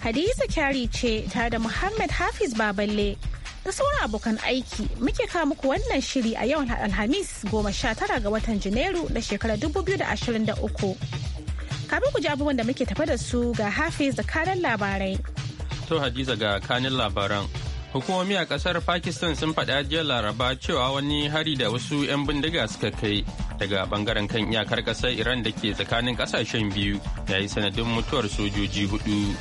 Hadiza Kyari ce tare da Muhammad Hafiz Baballe da sauran abokan aiki muke kawo muku wannan shiri a yau Alhamis goma sha tara ga watan Janairu da shekarar 2023. Kafin ku ji abubuwan da muke tafa da su ga Hafiz da kanan labarai. To Hadiza ga kanin labaran. Hukumomi a kasar Pakistan sun faɗa jiya Laraba cewa wani hari da wasu 'yan bindiga suka kai daga bangaren kan iyakar ƙasar Iran da ke tsakanin ƙasashen biyu ya yi sanadin mutuwar sojoji hudu.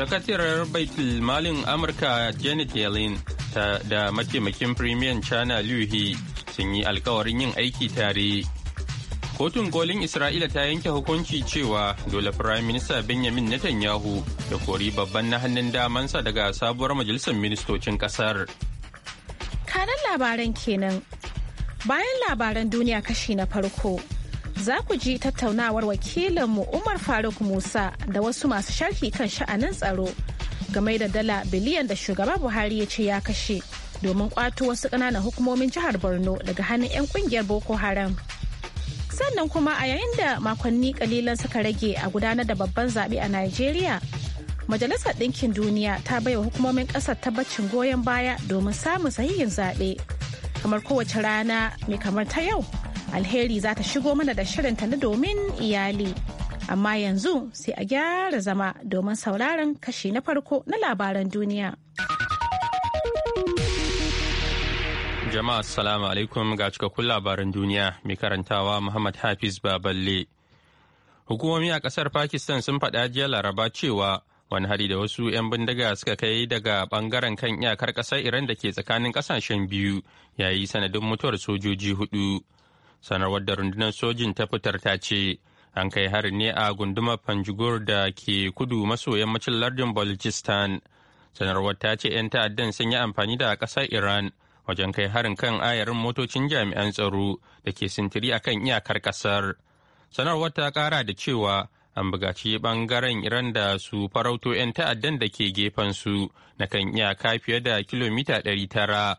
sakatirar baitul malin amurka janet yellen da mataimakin premier china liu he sun yi alkawarin yin aiki tare kotun kolin isra'ila ta yanke hukunci cewa dole prime minister benjamin netanyahu ya kori babban na hannun damansa daga sabuwar majalisar ministocin kasar kanan labaran kenan bayan labaran duniya kashi na farko za ku ji tattaunawar wakilinmu Umar Faruk Musa da wasu masu sharhi kan sha'anin tsaro game da dala biliyan da shugaba Buhari ya ce ya kashe domin kwato wasu ƙananan hukumomin jihar Borno daga hannun 'yan ƙungiyar Boko Haram. Sannan kuma a yayin da makonni kalilan suka rage a gudanar da babban zaɓe a Najeriya, Majalisar Ɗinkin Duniya ta baiwa hukumomin ƙasar tabbacin goyon baya domin samun sahihin zaɓe. Kamar kowace rana mai kamar ta yau, Alheri za ta shigo mana da shirinta na domin iyali. Amma yanzu sai a gyara zama domin sauraron kashi na farko na labaran duniya. Jama'a salamu alaikum ga cikakkun labaran duniya mai karantawa Muhammad Hafiz Baballe. Hukumomi a kasar Pakistan sun faɗa jiya Laraba cewa wani hari da wasu 'yan bindiga suka kai daga bangaren kan iyakar ƙasar Iran da ke tsakanin ƙasashen biyu yayi sanadin mutuwar sojoji hudu. sanarwar da rundunar sojin ta fitar ta ce an kai harin ne a gundumar panjigur da ke kudu maso yammacin lardin baljistan sanarwar ta ce 'yan ta'addan sun yi amfani da ƙasar iran wajen kai harin kan ayarin motocin jami'an tsaro da ke sintiri a kan iyakar ƙasar sanarwar ta ƙara da cewa an bugaci bangaren iran da su farauto 'yan ta'addan da ke gefen su na kan iyaka fiye da kilomita 900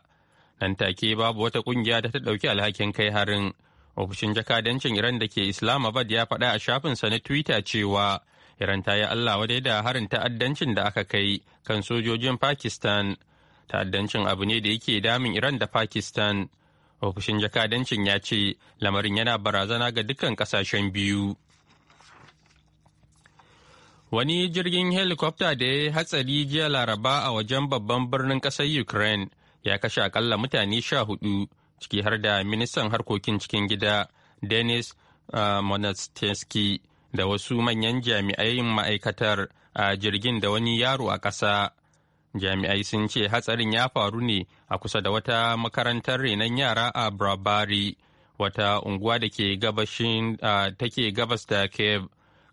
nan take babu wata kungiya da ta ɗauki alhakin kai harin ofishin jakadancin iran da ke islamabad ya faɗa a shafinsa na twitter cewa iran ta yi allah wadai da harin ta'addancin da aka kai kan sojojin pakistan ta'addancin abu ne da yake damin iran da pakistan ofishin jakadancin ya ce lamarin yana barazana ga dukkan kasashen biyu wani jirgin helikwafta da ya hatsari jiya laraba a wajen babban birnin ƙasar ukraine ya kashe akalla mutane sha hudu ciki har da ministan harkokin cikin gida denis eh, monasteski da wasu manyan jami'ai ma'aikatar a jirgin da wani yaro a ƙasa jami'ai sun ce hatsarin ya faru ne a kusa da wata makarantar renon yara a brabari wata unguwa da ke gabashin take gabas da cape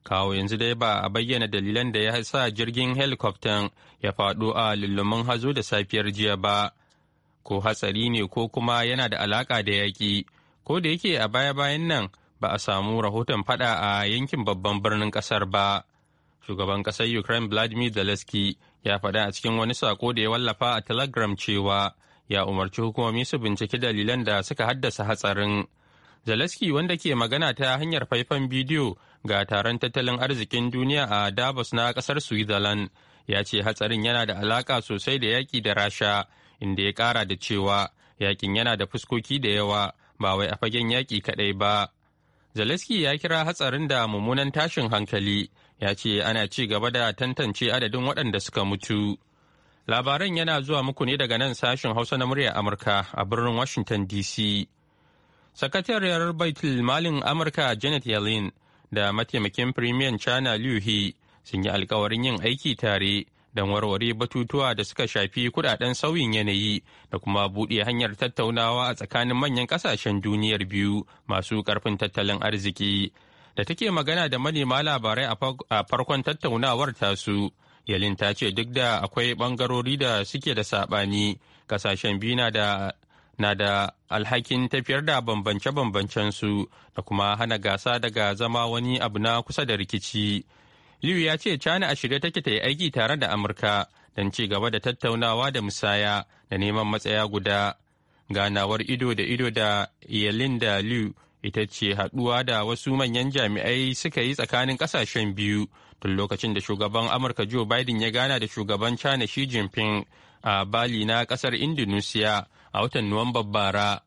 kawo yanzu dai ba a bayyana dalilan da ya sa jirgin helikoftan ya faɗo a lullumin hazo da safiyar jiya ba ko hatsari ne ko kuma yana da alaka da yaƙi ko da yake a baya-bayan nan ba a samu rahoton fada a yankin babban birnin ƙasar ba shugaban ƙasar ukraine vladimir zelensky ya faɗa a cikin wani sako da ya wallafa a telegram cewa ya umarci hukumomi su binciki dalilan da suka haddasa hatsarin zelensky wanda ke magana ta hanyar faifan bidiyo ga taron tattalin arzikin duniya a davos na ƙasar switzerland ya ce hatsarin yana da alaka sosai da yaƙi da rasha inda ya kara da cewa yakin yana da fuskoki da yawa ba wai a fagen yaƙi kaɗai ba. Zaleski ya kira hatsarin da mummunan tashin hankali ya ce ana ci gaba da tantance adadin waɗanda suka mutu. Labaran yana zuwa muku ne daga nan sashen Hausa na muryar Amurka a birnin Washington DC. Sakatariyar Baitul Malin Amurka Janet Yellen da mataimakin Premier China Liu He sun yi alkawarin yin aiki tare don warware batutuwa da suka shafi kudaden sauyin yanayi da kuma buɗe hanyar tattaunawa a tsakanin manyan ƙasashen duniyar biyu masu ƙarfin tattalin arziki da take magana da manema labarai a farkon tattaunawar tasu yalin ta ce duk da akwai ɓangarori da suke da saɓani kasashen biyu na da na da alhakin tafiyar da bambance-bambancensu da kuma hana gasa daga zama wani abu na kusa da rikici Liu ya ce China a shirye take ta yi aiki tare da Amurka don ci gaba da tattaunawa da musaya da neman matsaya guda. Ganawar ido da ido da Yelinda Liu ita ce haɗuwa da wasu manyan jami'ai suka yi tsakanin ƙasashen biyu tun lokacin da shugaban Amurka Joe Biden ya gana da shugaban China Xi Jinping a Bali na ƙasar Indonesia a watan nuwamba bara.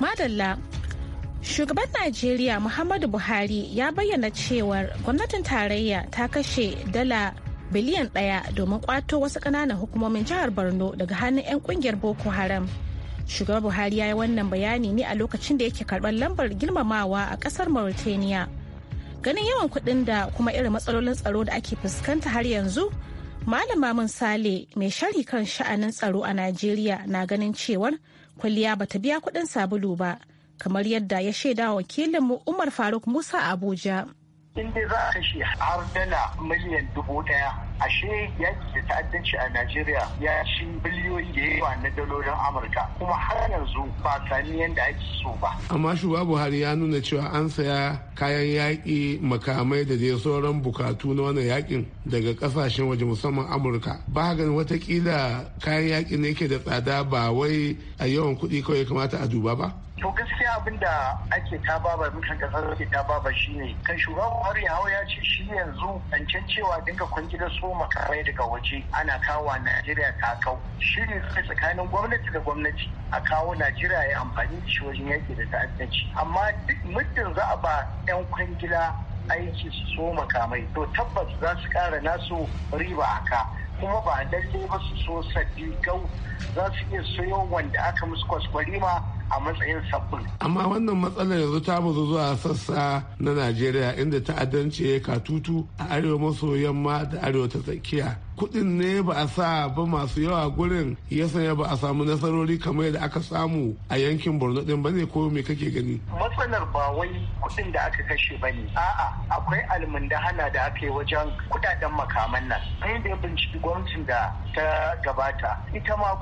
Madalla Shugaban Najeriya Muhammadu Buhari ya bayyana cewar gwamnatin tarayya ta kashe dala biliyan ɗaya domin kwato wasu ƙananan hukumomin jihar Borno daga hannun 'yan ƙungiyar Boko Haram. shugaban Buhari ya yi wannan bayani ne a lokacin da yake karɓar lambar girmamawa a ƙasar Mauritania. Ganin yawan kuɗin da kuma irin matsalolin tsaro da ake fuskanta har yanzu, Malama Mun Sale mai shari kan sha'anin tsaro a Najeriya na ganin cewar kwalliya bata biya kuɗin sabulu ba. kamar yadda ya shaida mu Umar Faruk Musa Abuja. inde za a kashe har dala miliyan dubu ɗaya. ashe yaki da ta'addanci a Najeriya ya ci biliyoyi da yawa na dalolin Amurka kuma har yanzu ba sami yadda ake so ba. Amma shugaba Buhari ya nuna cewa an saya kayan yaƙi makamai da dai sauran bukatu na wannan yaƙin daga ƙasashen waje musamman Amurka. Ba ganin watakila kayan yaƙi ne ke da tsada ba wai a yawan kuɗi kawai kamata a duba ba. to gaskiya abin da ake ta baba mutan kasar ake ta baba shine kan shugaban Buhari ya hau ya ce shi yanzu zancen cewa dinga da su so makamai daga waje ana kawo Najeriya ta kau sai tsakanin gwamnati da gwamnati a kawo Najeriya ya amfani da shi wajen yaki da ta'addanci amma duk muddin za a ba 'yan kwangila aiki su so makamai to tabbas za su kara nasu riba a ka kuma ba lalle ba su so sabbi gau za su iya sayo wanda aka musu kwaskwarima a matsayin sabbin. Amma wannan matsalar yanzu ta bazu zuwa sassa na Najeriya inda ta'addance ya katutu a arewa maso yamma da arewa ta tsakiya kudin ne ba a sa ba masu yawa gurin ya sanya ba a samu nasarori kamar yadda aka samu a yankin borno din ba ne ko me kake gani matsalar ba wai kudin da aka kashe ba ne a'a akwai almundahana da aka yi wajen kudaden makaman nan sai da ya binciki gwamnatin da ta gabata ita ma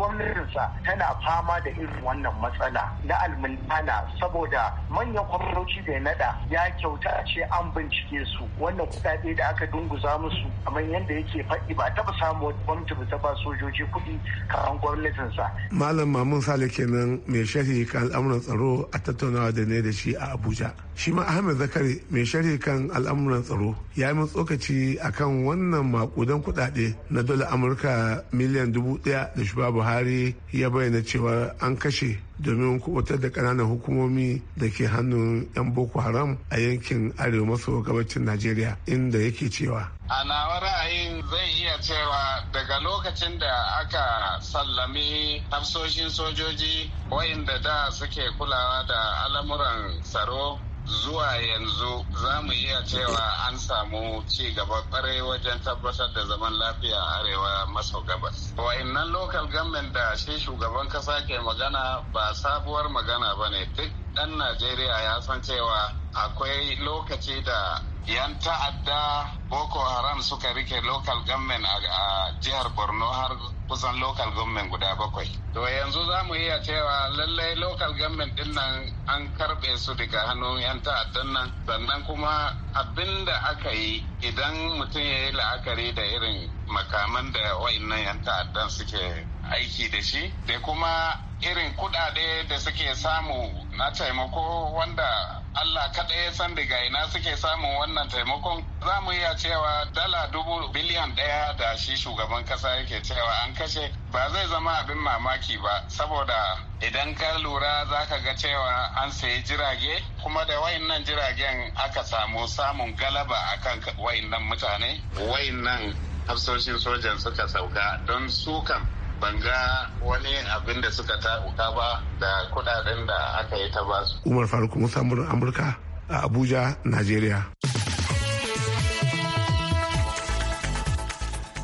sa tana fama da irin wannan matsala na almundahana saboda manyan kwamfanoci da ya nada ya kyauta ce an bincike su wannan kudade da aka dunguza musu kamar yadda yake faɗi ba taba samu wata gwamnati ta ba sojoji kuɗi kawan sa Malam Mamun Sale kenan mai sharhi kan al'amuran tsaro a tattaunawa da ne da shi a Abuja. Shi ma Ahmed Zakari mai sharhi kan al'amuran tsaro ya yi tsokaci akan wannan makudan kuɗaɗe na dole Amurka miliyan dubu ɗaya da shi Buhari ya bayyana cewa an kashe domin kubutar da ƙananan hukumomi da ke hannun 'yan boko haram a yankin arewa maso gabacin najeriya inda yake cewa a nawa ra'ayin zai iya cewa daga lokacin da aka sallami hafsoshin sojoji wayanda da suke kulawa da al'amuran tsaro zuwa yanzu za mu iya cewa an samu ci gaba kwarai wajen tabbatar da zaman lafiya a arewa maso gabas. Wa'innan local government da shi shugaban kasa ke magana ba sabuwar magana ba ne duk ɗan Najeriya ya san cewa akwai lokaci da yan ta'adda boko haram suka rike local government a jihar borno har kusan local government guda bakwai to yanzu za mu iya cewa lallai local government din nan an karbe su daga hannun yan ta'addan nan sannan kuma abinda aka yi idan mutum ya yi la'akari da irin makaman da nan yan ta'addan suke aiki da shi da kuma irin kudade da suke samu na taimako wanda Allah kaɗai ya san daga ina suke samun wannan taimakon za mu iya cewa dala dubu biliyan ɗaya da shi shugaban ƙasa yake cewa an kashe ba zai zama abin mamaki ba saboda idan ka lura za ka ga cewa an sayi jirage kuma da wayannan jiragen aka samu samun galaba akan wayannan mutane wayannan hafsoshin sojan suka sauka don su kan. ban ga wani abin da suka tabuka ba da kudaden da aka yi ta su. Umar Faruk Musa murin Amurka a Abuja, Najeriya.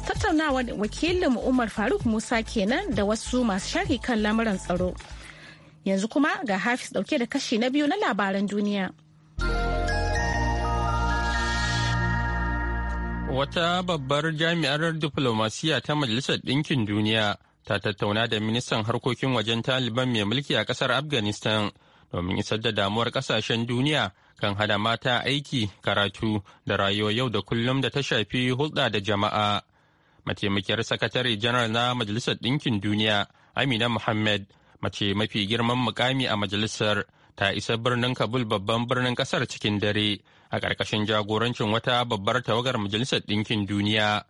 tattaunawa wakilin Umar Faruk Musa kenan da wasu masu sharhi kan lamuran tsaro. Yanzu kuma ga Hafiz dauke da kashi na biyu na labaran duniya. Wata babbar jami'ar diplomasiya ta Majalisar Dinkin Duniya ta tattauna da ministan harkokin wajen taliban mai mulki a kasar afghanistan domin isar da damuwar kasashen duniya kan hada mata aiki karatu da rayuwa yau da kullum da ta shafi hulɗa da jama'a mataimakiyar sakatare janar na majalisar ɗinkin duniya amina muhammad mace mafi girman mukami a majalisar ta isa birnin kabul babban birnin kasar cikin dare a ƙarƙashin jagorancin wata babbar tawagar majalisar ɗinkin duniya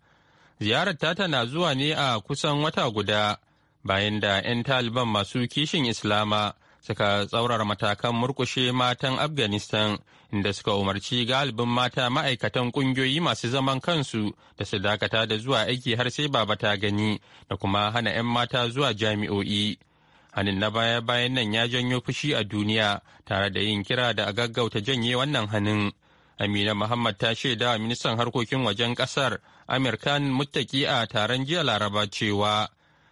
ziyarar ta na zuwa ne a kusan wata guda bayan da 'yan taliban masu kishin islama suka tsaurar matakan murkushe matan afghanistan inda suka umarci galibin mata ma'aikatan kungiyoyi masu zaman kansu da su dakata da zuwa aiki har sai baba ta gani da kuma hana 'yan mata zuwa jami'o'i hanin na baya bayan nan ya janyo fushi a duniya tare da yin kira da a gaggauta janye wannan hannun amina muhammad ta shaida ministan harkokin wajen kasar amirkan Muttaki a taron jiya Laraba cewa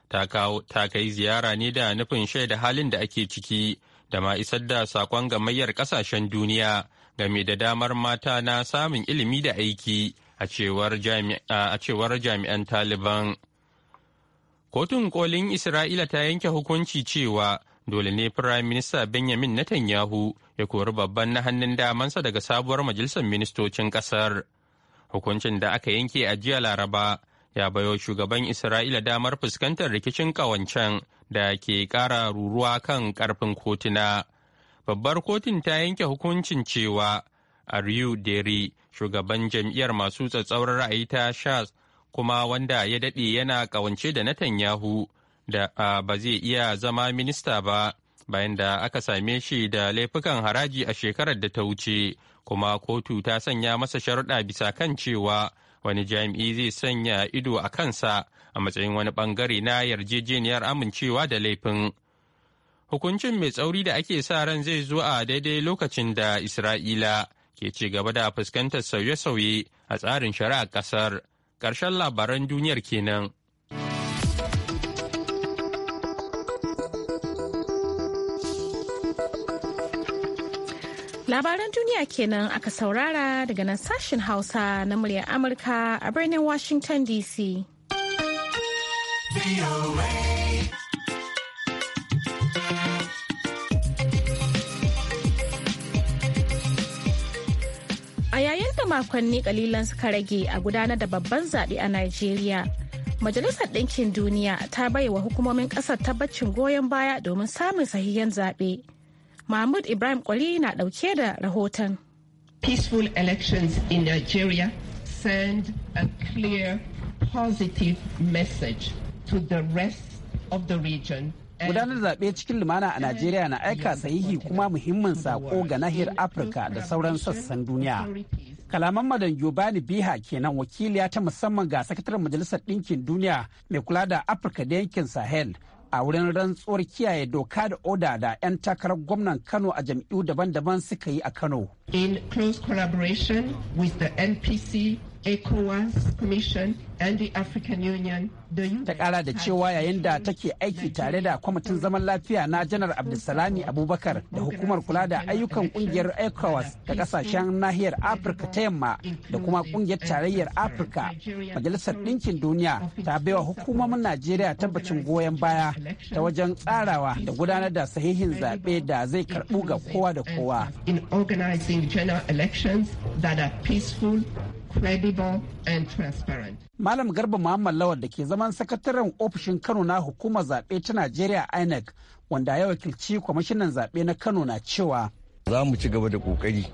ta kai ziyara ne da nufin shaida halin da ake ciki da ma isar da sakon gamayyar kasashen duniya game da damar mata na samun ilimi da aiki a cewar jami'an Taliban. Kotun kolin Isra'ila ta yanke hukunci cewa dole ne Firayim Minista Benjamin Netanyahu ya kori babban na hannun damansa daga sabuwar majalisar ministocin ƙasar. hukuncin da aka yanke a jiya laraba ya bayo shugaban isra'ila damar fuskantar rikicin ƙawancen da ke ƙara ruruwa kan karfin kotuna babbar kotun ta yanke hukuncin cewa Ariu Deri, shugaban jam'iyyar masu tsatsauran ra'ayi ta Shas, kuma wanda ya daɗe yana ƙawance da Netanyahu da ba zai iya zama minista ba, bayan da aka same shi da laifukan haraji a shekarar da ta wuce kuma kotu ta sanya masa sharuɗa bisa kan cewa wani jami'i zai sanya ido a kansa a matsayin wani bangare na yarjejeniyar amincewa da laifin hukuncin mai tsauri da ake sa ran zai zo a daidai lokacin da isra'ila ke ci gaba da fuskantar sauye-sauye a tsarin shari'a ƙasar ƙarshen labaran duniyar kenan. Labaran duniya kenan aka saurara daga nan sashen Hausa na muryar Amurka a birnin Washington DC. A yayin da makonni kalilan suka rage a gudanar da babban zaɓe a Najeriya, Majalisar Ɗinkin Duniya ta baiwa hukumomin ƙasar tabbacin goyon baya domin samun sahihan zaɓe. mahmud ibrahim kwali na ɗauke da rahoton peaceful elections in nigeria send a clear positive message to the rest of the region gudanar zaɓe cikin lumana a najeriya na aika sahihi kuma muhimmin sako ga nahiyar afirka da sauran sassan duniya kalaman madan giovanni biha kenan wakiliya ta musamman ga sakataren majalisar ɗinkin duniya mai kula da afirka da yankin sahel a wurin rantsuwar kiyaye doka da oda da 'yan takarar gwamnan Kano a jam'iyyu daban-daban suka yi a Kano. In close collaboration with the NPC ECOWAS Commission and the African Union Ta kara da cewa yayin da take aiki tare da kwamitin zaman lafiya na janar Abdulsalami Abubakar da hukumar kula da ayyukan kungiyar ECOWAS da kasashen nahiyar Afirka ta yamma da kuma kungiyar tarayyar Afirka. Majalisar Ɗinkin Duniya ta baiwa hukumomin Najeriya tabbacin goyon baya ta wajen tsarawa da gudanar da sahihin zaɓe da zai karɓu ga kowa da kowa. In organizing general elections that are peaceful Malam Garba Muhammad Lawal da ke zaman sakataren ofishin Kano na hukumar zaɓe ta Najeriya INEC wanda ya wakilci kwamishinan zaɓe na Kano na cewa. Za mu ci gaba da ƙoƙari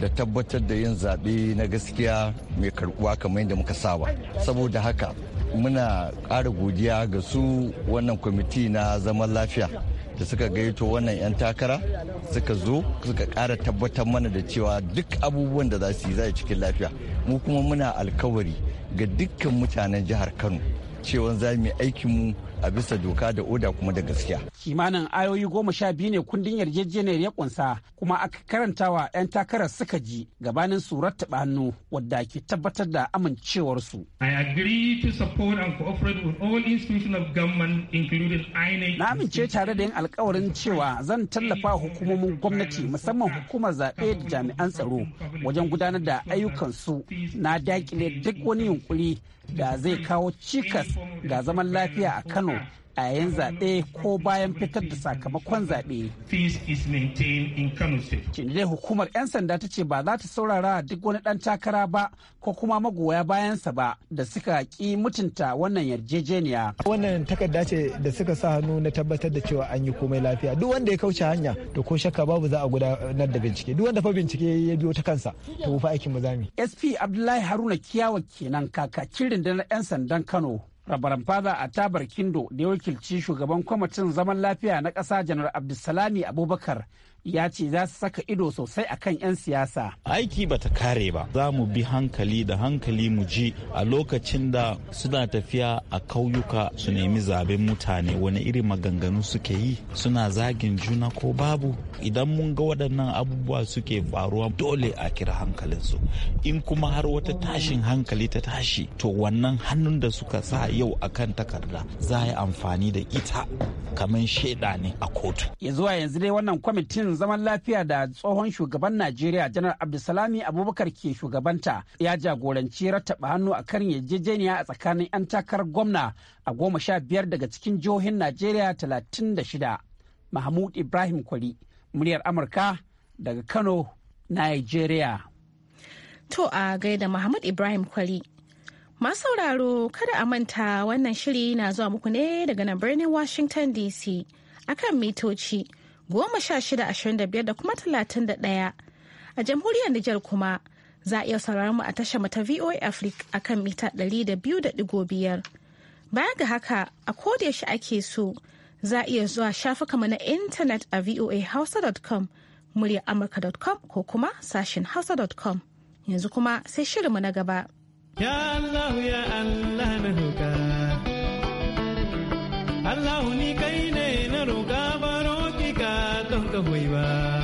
da tabbatar da yin zaɓe na gaskiya mai karɓuwa kamar yadda muka saba. Saboda haka muna ƙara godiya ga su wannan kwamiti na zaman lafiya da suka gaito wannan 'yan takara suka zo suka ƙara tabbatar mana da cewa duk abubuwan da za su yi cikin lafiya mu kuma muna alkawari ga dukkan mutanen jihar kano cewa za mu yi aikinmu a bisa doka da oda kuma da gaskiya. Kimanin ayoyi goma sha biyu ne kundin yarjejeniyar ya kunsa kuma aka karantawa 'yan takarar suka ji gabanin surar taɓa hannu wadda ke tabbatar da amincewarsu. I Na amince tare da yin alkawarin cewa zan tallafa hukumomin gwamnati musamman hukumar zaɓe da jami'an tsaro wajen gudanar da ayyukansu na dakile duk wani yunkuri da zai kawo cikas ga zaman lafiya a Kano a yayin zaɓe ko bayan fitar da sakamakon zaɓe. dai hukumar 'yan sanda ta ce ba za ta saurara duk wani ɗan takara ba ko kuma magoya bayansa ba da suka ƙi mutunta wannan yarjejeniya. Wannan takarda ce da suka sa hannu na tabbatar da cewa an yi komai lafiya. Duk wanda ya kauce hanya to ko shakka babu za a gudanar da bincike. Duk wanda fa bincike ya biyo ta kansa to fa aikin mu zamu. SP Abdullahi Haruna Kiyawa kenan kakakin rundunar 'yan sandan Kano. rabaran a tabar kindo da ya wakilci shugaban kwamitin zaman lafiya na ƙasa janar abdulsalami abubakar ya ce za su saka ido sosai a kan 'yan siyasa. Aiki ba ta kare ba. Za mu bi hankali da hankali mu ji a lokacin da suna tafiya a kauyuka su nemi zaben mutane wani irin maganganu suke yi suna zagin juna ko babu. Idan mun ga waɗannan abubuwa suke faruwa dole a kira hankalinsu. In kuma har wata tashin hankali ta tashi to wannan hannun da suka sa yau akan takarda za a yi amfani da ita kamar shaida ne a kotu. Ya zuwa yanzu dai wannan kwamitin zaman lafiya da tsohon shugaban najeriya janar abdulsalami abubakar ke shugabanta ya jagoranci rattaba hannu a kan yarjejeniya a tsakanin 'yan takarar gwamna a goma sha biyar daga cikin jihohin najeriya talatin da shida mahmud ibrahim kwari muryar amurka daga kano Najeriya. to a gaida mahmud ibrahim kwari Masu sauraro kada a manta wannan shiri na zuwa muku ne daga nan birnin Washington DC akan mitoci goma sha shida ashirin da biyar da kuma talatin da ɗaya. A jamhuriyar Nijar kuma za a iya sauraron mu a tashar mu ta VOA Africa a kan mita ɗari da biyu da ɗigo biyar. Baya ga haka a koda yaushe ake so za a iya zuwa shafuka mu na intanet a voahausa.com muryar amurka.com ko kuma sashin hausa.com yanzu kuma sai shirin mu na gaba. Ya Allah ya Allah na roƙa. Allah ni kai ne nunca vuelva.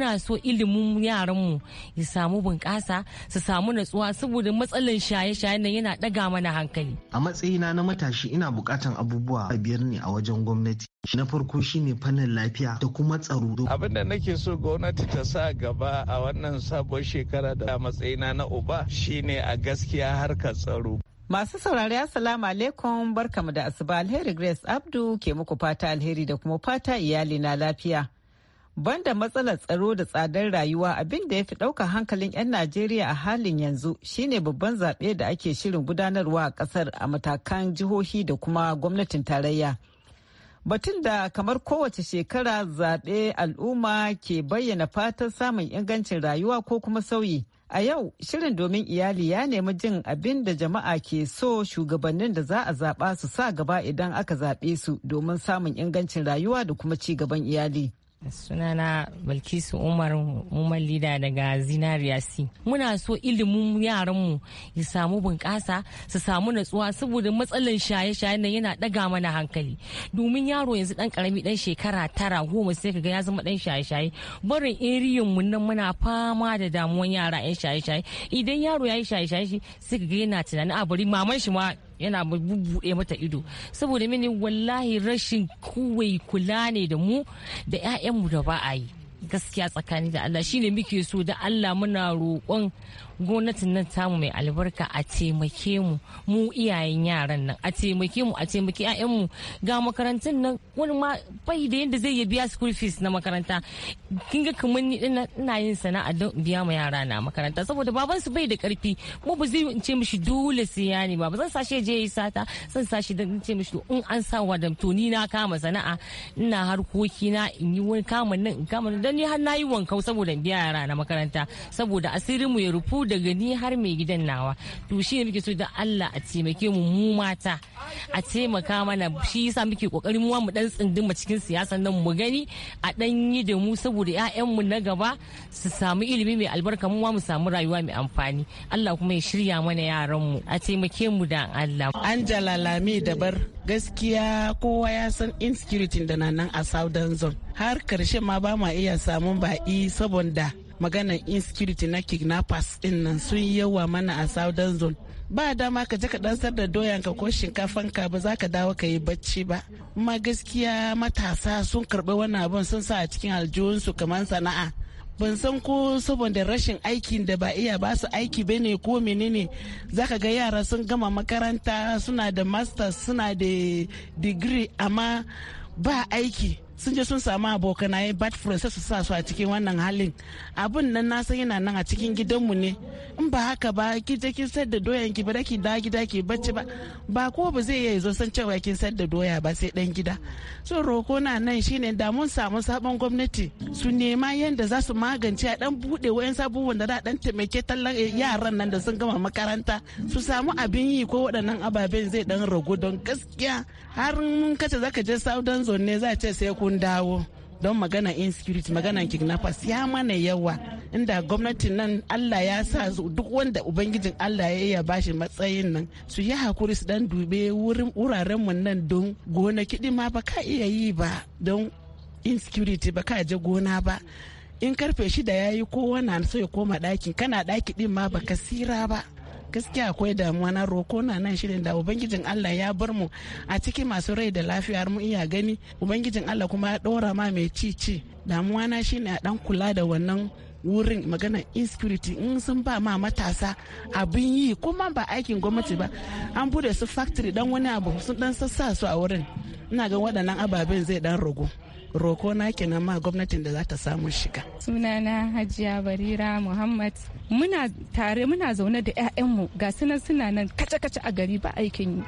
muna so ilimin yaran mu ya samu bunƙasa su samu natsuwa saboda matsalar shaye-shaye nan yana ɗaga mana hankali. A matsayina na matashi ina buƙatan abubuwa biyar ne a wajen gwamnati. Na farko shine fannin lafiya da kuma tsaro. Abin da nake so gwamnati ta sa gaba a wannan sabon shekara da matsayina na uba shine a gaskiya harkar tsaro. Masu saurari Assalamu alaikum barkamu da asuba alheri Grace Abdu ke muku fata alheri da kuma fata iyali na lafiya. banda matsalar tsaro da tsadar rayuwa abin da ya fi ɗaukar hankalin 'yan najeriya a halin yanzu shine babban zaɓe da ake shirin gudanarwa a ƙasar a matakan jihohi da kuma gwamnatin tarayya batun da kamar kowace shekara zaɓe al'umma ke bayyana fatan samun ingancin rayuwa ko kuma sauyi a yau shirin domin iyali ya nemi jin abin da jama'a ke so shugabannin da za a zaɓa su sa gaba idan aka zaɓe su domin samun ingancin rayuwa da kuma ci gaban iyali sunana balkisu umar umar lida daga zinariya c muna so ilimin yaranmu ya samu bunƙasa su samu natsuwa saboda matsalar shaye-shaye na yana ɗaga mana hankali domin yaro yanzu ɗan ƙarami ɗan shekara tara goma sai ka ga ya zama ɗan shaye-shaye barin eriyan mu nan muna fama da damuwan yara 'yan shaye-shaye idan yaro ya yi shaye-shaye sai ka ga yana tunanin a bari maman shi ma yana bubbuɗe mata ido saboda mini wallahi rashin kuwai kula ne da mu da 'ya'yanmu da ba a yi gaskiya tsakani da Allah shine muke so da Allah muna roƙon gwamnatin nan tamu mai albarka a taimake mu mu iyayen yaran nan a taimake mu a taimake mu ga makarantun nan wani ma bai da yadda zai biya school fees na makaranta kin ga kamar ni ina yin sana'a don biya ma yara na makaranta saboda baban su bai da karfi mu ba zai ce mishi dole sai ya ne ba zan shi je yi sata zan shi dan ce mishi in an sa wa to ni na kama sana'a ina harkoki na in yi wani kama nan in kama dan ni har nayi wankau saboda biya yara na makaranta saboda asirin mu ya rufu daga ni har mai gidan nawa to shi ne muke so da Allah a taimake mu mu mata a taimaka mana shi yasa muke kokarin mu mu dan tsinduma cikin siyasa nan mu gani a dan yi da mu saboda ƴaƴan mu na gaba su samu ilimi mai albarka mu mu samu rayuwa mai amfani Allah kuma ya shirya mana yaran mu a taimake mu da Allah Angela da dabar gaskiya kowa ya san insecurity da nan a Southern Zone har karshe ma ba ma iya samun baƙi saboda maganan insecurity na kidnappers din nan sun yawa mana a southern zone ba dama ka je ka sar da doyanka ko shinkafanka ba za ka dawo ka yi bacci ba amma gaskiya matasa sun karbi wannan abin sun sa a cikin aljihunsu kamar sana'a ban san ko saboda rashin aikin da ba iya ba su aiki ba ne ko menene zaka ga yara sun gama makaranta suna da masters suna da degree amma ba aiki sun je sun samu ayi bad friends su sa su a cikin wannan halin abun nan na san yana nan a cikin gidanmu ne in ba haka ba ki je kin sayar da doyan ki ba da ki da gida ki bacci ba ba ko ba zai iya zo san cewa kin sayar doya ba sai dan gida so roko na nan shine da mun samu sabon gwamnati su nema yanda za su magance a dan bude wayan sabuwan da da dan taimake tallan eh, yaran nan da sun gama makaranta su samu abin yi ko waɗannan ababen zai dan ragu don gaskiya har mun kace zaka je saudan zone ne za ce sai ku mun dawo don magana insecurity magana kidnappers ya mana yawa inda gwamnatin nan allah ya sa duk wanda ubangijin allah ya iya bashi matsayin nan su yi hakuri su dan dube wuraren mu nan don gona kiɗi ma ba ka iya yi ba don insecurity ba ka je gona ba in karfe shida ya yi kowa na so ya koma ɗakin kana ɗaki ɗin ma baka sira ba gaskiya akwai damuwa na roko na nan shirin da ubangijin Allah ya bar mu a cikin masu rai da lafiyar mu iya gani ubangijin Allah kuma ya ɗora ma mai ci ci damuwa na shine a dan kula da wannan wurin magana insecurity in sun ba ma matasa abin yi kuma ba aikin gwamnati ba an bude su factory dan wani abu sun dan sassa su a wurin ina ga waɗannan ababen zai dan ragu roko na kenan ma gwamnatin da za ta samu shiga sunana hajiya barira muhammad muna tare muna zaune da 'ya'yanmu ga sunan suna nan kace-kace a gari ba aikin yi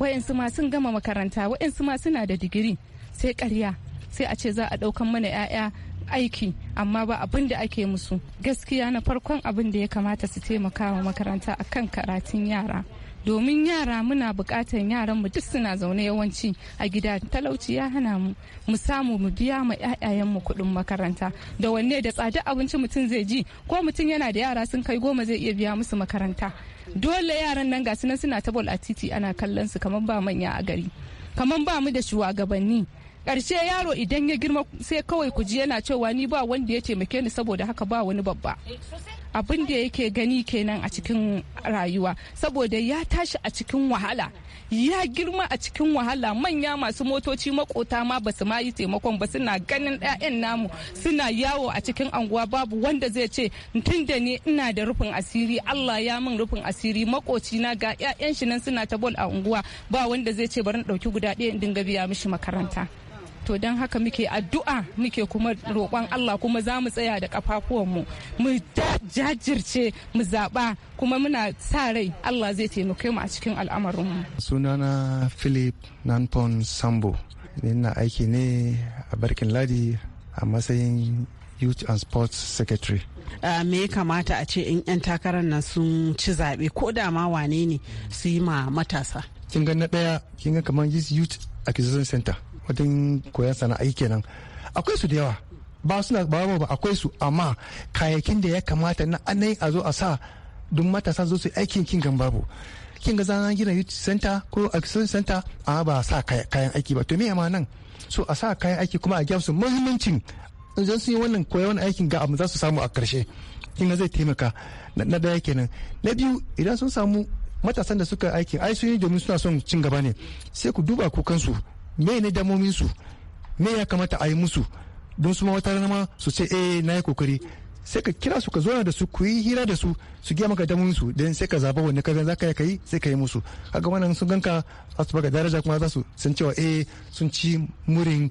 wa'yansu ma sun gama makaranta wa'yansu ma suna da digiri sai karya sai a ce za a ɗaukan mana 'ya'ya aiki amma ba abin da ake musu gaskiya na farkon abin da ya kamata su taimaka wa makaranta akan karatun yara domin yara muna bukatan yaran mu duk suna zaune yawanci a gida talauci ya hana mu mu samu mu biya ma ƴaƴayen mu kuɗin makaranta da wanne da tsada abinci mutum zai ji ko mutum yana da yara sun kai goma zai iya biya musu makaranta dole yaran nan ga nan suna ta bol a titi ana kallon su kamar ba manya a gari kamar ba mu da shugabanni karshe yaro idan ya girma sai kawai ku ji yana cewa ni ba wanda ya taimake ni saboda haka ba wani babba abin da yake gani kenan a cikin rayuwa saboda ya tashi a cikin wahala ya girma a cikin wahala manya masu motoci makota ma ba su ma yi taimakon ba suna ganin 'ya'yan namu suna yawo a cikin anguwa babu wanda zai ce tun da ne ina da rufin asiri Allah ya min rufin asiri makoci na ga 'ya'yan shi nan suna ta bol a unguwa ba wanda zai ce bari in ɗauki guda ɗaya in dinga biya mishi makaranta to don haka muke addu'a muke kuma roƙon Allah kuma za mu tsaya da kafafuwanmu mu mu jajirce mu zaɓa kuma muna sa rai Allah zai taimake mu a cikin al'amarinmu. sunana philip nanpon sambo ina aiki ne a barkin ladi a matsayin youth and sports secretary Uh, me kamata a ce in 'yan takarar nan sun ci zaɓe ko da ma wane ne su yi ma matasa kin ga na ɗaya kin ga kamar youth acquisition center batun koyon sana'ai kenan akwai su da yawa ba suna ba ba akwai su amma kayakin da ya kamata na anayin a zo a sa don matasa zo su aikin kin gan babu kin ga zan gina youth center ko action center amma ba a sa kayan aiki ba to me ma nan so a sa kayan aiki kuma a gyara su muhimmancin idan sun yi wannan koyon aikin ga abu za su samu a karshe kin zai taimaka na daya kenan na biyu idan sun samu matasan da suka aiki ai sun yi domin suna son cin gaba ne sai ku duba ku kansu me ne damomin su me ya kamata a yi musu don su ma wata rana su ce eh na yi kokari sai ka kira su ka zo da su ku yi hira da su su gaya maka damun su dan sai ka zaba wani ka za ka yi kai sai ka yi musu kaga wannan sun ganka za su baka daraja kuma za su san cewa eh sun ci murin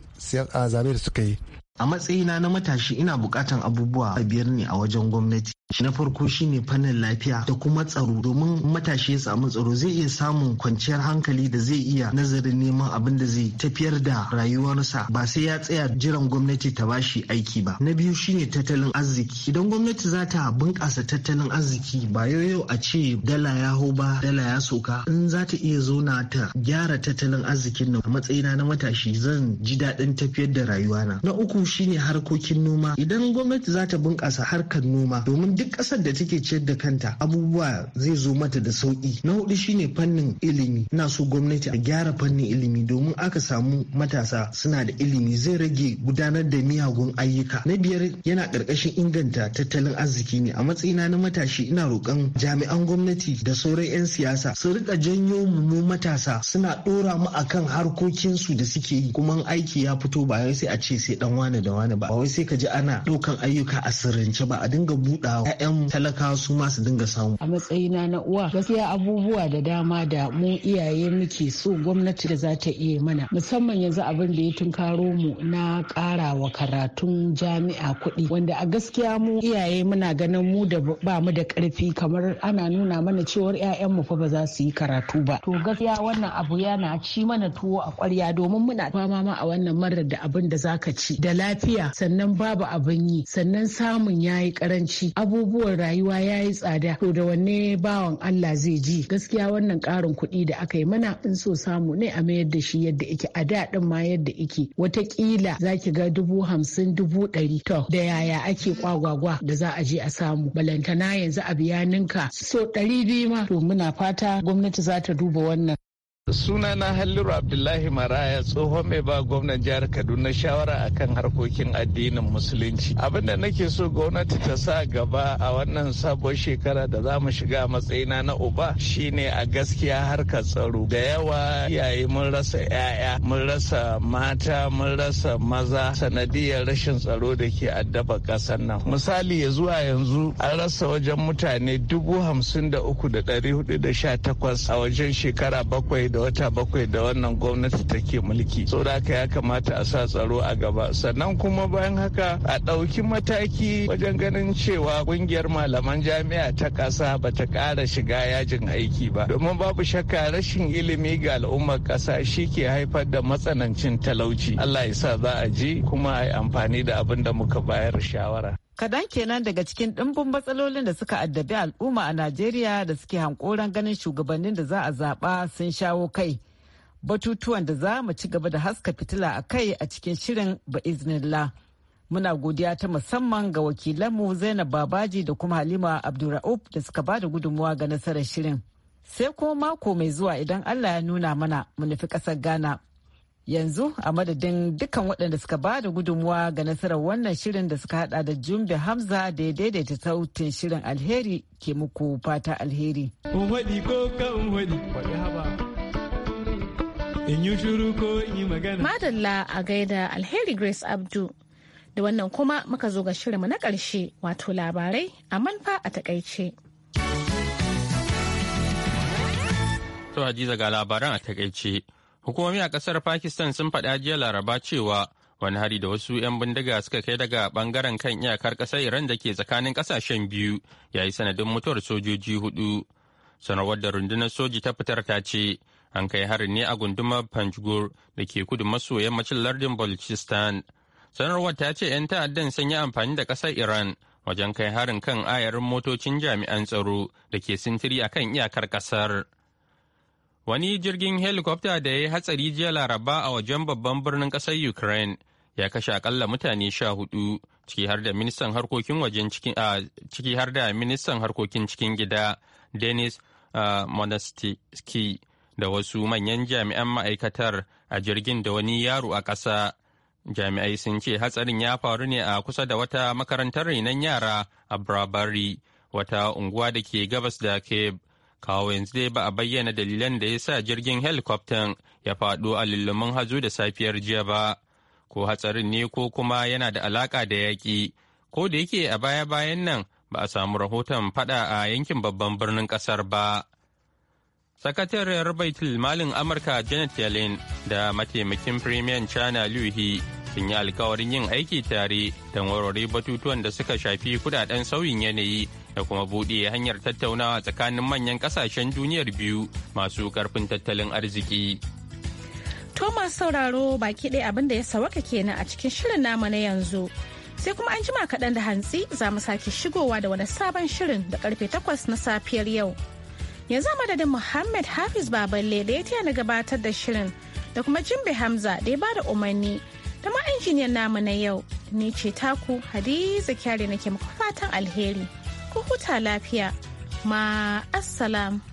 a zabe da suka yi a matsayina na matashi ina bukatan abubuwa biyar ne a wajen gwamnati na farko shine fannin lafiya da kuma tsaro domin matashi ya samu tsaro zai iya samun kwanciyar hankali da zai iya nazarin neman abin da zai tafiyar da rayuwarsa ba sai ya tsaya jiran gwamnati ta bashi aiki ba na biyu shine tattalin arziki idan gwamnati za ta bunkasa tattalin arziki ba yoyo a ce dala ya hau ba dala ya soka in za ta iya zona ta gyara tattalin arzikin nan a matsayina na matashi zan ji daɗin tafiyar da rayuwana na uku shine harkokin noma idan gwamnati za ta bunƙasa harkar noma domin duk kasar da take ciyar da kanta abubuwa zai zo mata da sauki na hudu shine fannin ilimi na so gwamnati a gyara fannin ilimi domin aka samu matasa suna da ilimi zai rage gudanar da miyagun ayyuka na biyar yana ƙarƙashin inganta tattalin arziki ne a matsayina na matashi ina roƙon jami'an gwamnati da sauran 'yan siyasa su rika janyo mu matasa suna dora mu akan harkokinsu da suke yi kuma aiki ya fito ba sai a ce sai dan wani wane da wane ba wai sai ka ji ana ɗaukan ayyuka a sirrince ba a dinga budawa 'ya'yan talakawa su ma su dinga samu a matsayina na uwa gaskiya abubuwa da dama da mu iyaye muke so gwamnati da za ta iya mana musamman yanzu abin da ya tunkaro mu na wa karatun jami'a kuɗi wanda a gaskiya mu iyaye muna ganin mu da ba mu da ƙarfi kamar ana nuna mana cewar mu fa ba za su yi karatu ba to gaskiya wannan abu yana ci mana tuwo a ƙwarya domin muna fama ma a wannan marar da abin da zaka ci da lafiya sannan babu abin yi sannan samun ya yi karanci abubuwan rayuwa ya yi tsada to da wanne bawan Allah zai ji gaskiya wannan karin kuɗi da aka yi mana in so samu ne a mayar da shi yadda ike a da din ma yadda ike watakila za ki ga dubu hamsin dubu ɗari to da yaya ake kwagwagwa da za a je a samu balantana yanzu a biya ninka so ɗari biyu ma to muna fata gwamnati za ta duba wannan suna na halliru abdullahi maraya tsohon mai ba gwamnan jihar kaduna shawara akan harkokin addinin musulunci abin da nake so gwamnati ta sa gaba a wannan sabon shekara da za mu shiga matsayina na uba shine a gaskiya harkar tsaro da yawa iyaye mun rasa 'ya'ya mun rasa mata mun rasa maza sanadiyar rashin tsaro da ke addaba ƙasar nan misali ya zuwa yanzu an rasa wajen mutane dubu hamsin da uku da ɗari hudu da sha takwas a wajen shekara bakwai da da wata bakwai da wannan gwamnati take mulki da haka ya kamata a sa tsaro a gaba sannan kuma bayan haka a ɗauki mataki wajen ganin cewa ƙungiyar malaman jami'a ta ƙasa ba ta ƙara shiga yajin aiki ba domin babu shakka rashin ilimi ga al'ummar ƙasa shi ke haifar da matsanancin talauci allah ya sa za a ji kuma a yi amfani da abin da muka bayar shawara Kadan kenan daga cikin ɗimbin matsalolin da suka addabi al'umma a Najeriya da suke hankoran ganin shugabannin da za a zaɓa sun shawo kai. Batutuwan da za mu ci gaba da haska fitila a kai a cikin shirin ba'iznillah. Muna godiya ta musamman ga wakilanmu Zainab Babaji da kuma Halima Abdulra'uf da suka ba da gudunmuwa ga nasarar shirin. Sai kuma mako mai zuwa idan Allah ya nuna mana mu nufi ƙasar Ghana. yanzu a madadin dukkan waɗanda suka ba da gudunmuwa ga nasarar wannan shirin da suka hada da jumbe hamza da ya daidaita sautin shirin alheri ke muku fata alheri madalla a gaida alheri grace abdu da wannan kuma muka zo ga shirinmu na ƙarshe wato labarai a manfa a takaice to ga labaran a takaice Hukumomi a ƙasar Pakistan sun faɗa jiya Laraba cewa wani hari da wasu 'yan bindiga suka kai daga bangaren kan iyakar ƙasar Iran da ke tsakanin ƙasashen biyu ya yi sanadin mutuwar sojoji hudu. Sanarwar da rundunar soji ta fitar ta ce an kai harin ne a gundumar Panjgur da ke kudu maso yammacin lardin Balochistan. Sanarwar ta ce 'yan ta'addan sun yi amfani da ƙasar Iran wajen kai harin kan ayarin motocin jami'an tsaro da ke sintiri a kan iyakar ƙasar. Wani jirgin helikwafta da ya yi hatsari jiya Laraba a wajen babban birnin ƙasar Ukraine ya kashe akalla mutane sha hudu ciki har da ministan harkokin wajen cikin ciki har da ministan harkokin cikin gida Denis Monastiki da wasu manyan jami'an ma'aikatar a jirgin da wani yaro a ƙasa. Jami'ai sun ce hatsarin ya faru ne a kusa da wata makarantar renon yara a Brabari, wata unguwa da ke gabas da Cape. kawo yanzu dai ba a bayyana dalilan da ya sa jirgin helikwaftan ya faɗo a lullumin hazo da safiyar jiya ba ko hatsarin ne ko kuma yana da alaƙa da yaƙi ko da yake a baya-bayan nan ba a samu rahoton faɗa a yankin babban birnin ƙasar ba. Sakatariyar Baitul Malin Amurka Janet yalin da mataimakin Premier China Liu sun yi alkawarin yin aiki tare don warware batutuwan da suka shafi kudaden sauyin yanayi da kuma buɗe hanyar tattaunawa tsakanin manyan ƙasashen duniyar biyu masu karfin tattalin arziki. Thomas sauraro baki ɗaya abin da ya sawaka kenan a cikin shirin nama na yanzu. Sai kuma an jima kaɗan da hantsi za mu sake shigowa da wani sabon shirin da karfe takwas na safiyar yau. Yanzu madadin Muhammad Hafiz Baballe da ya taya na gabatar da shirin da kuma Jimbe Hamza da ya bada umarni da ma injiniyan namu na yau ni ce taku hadiza kyare nake muku fatan alheri ku huta lafiya ma assalamu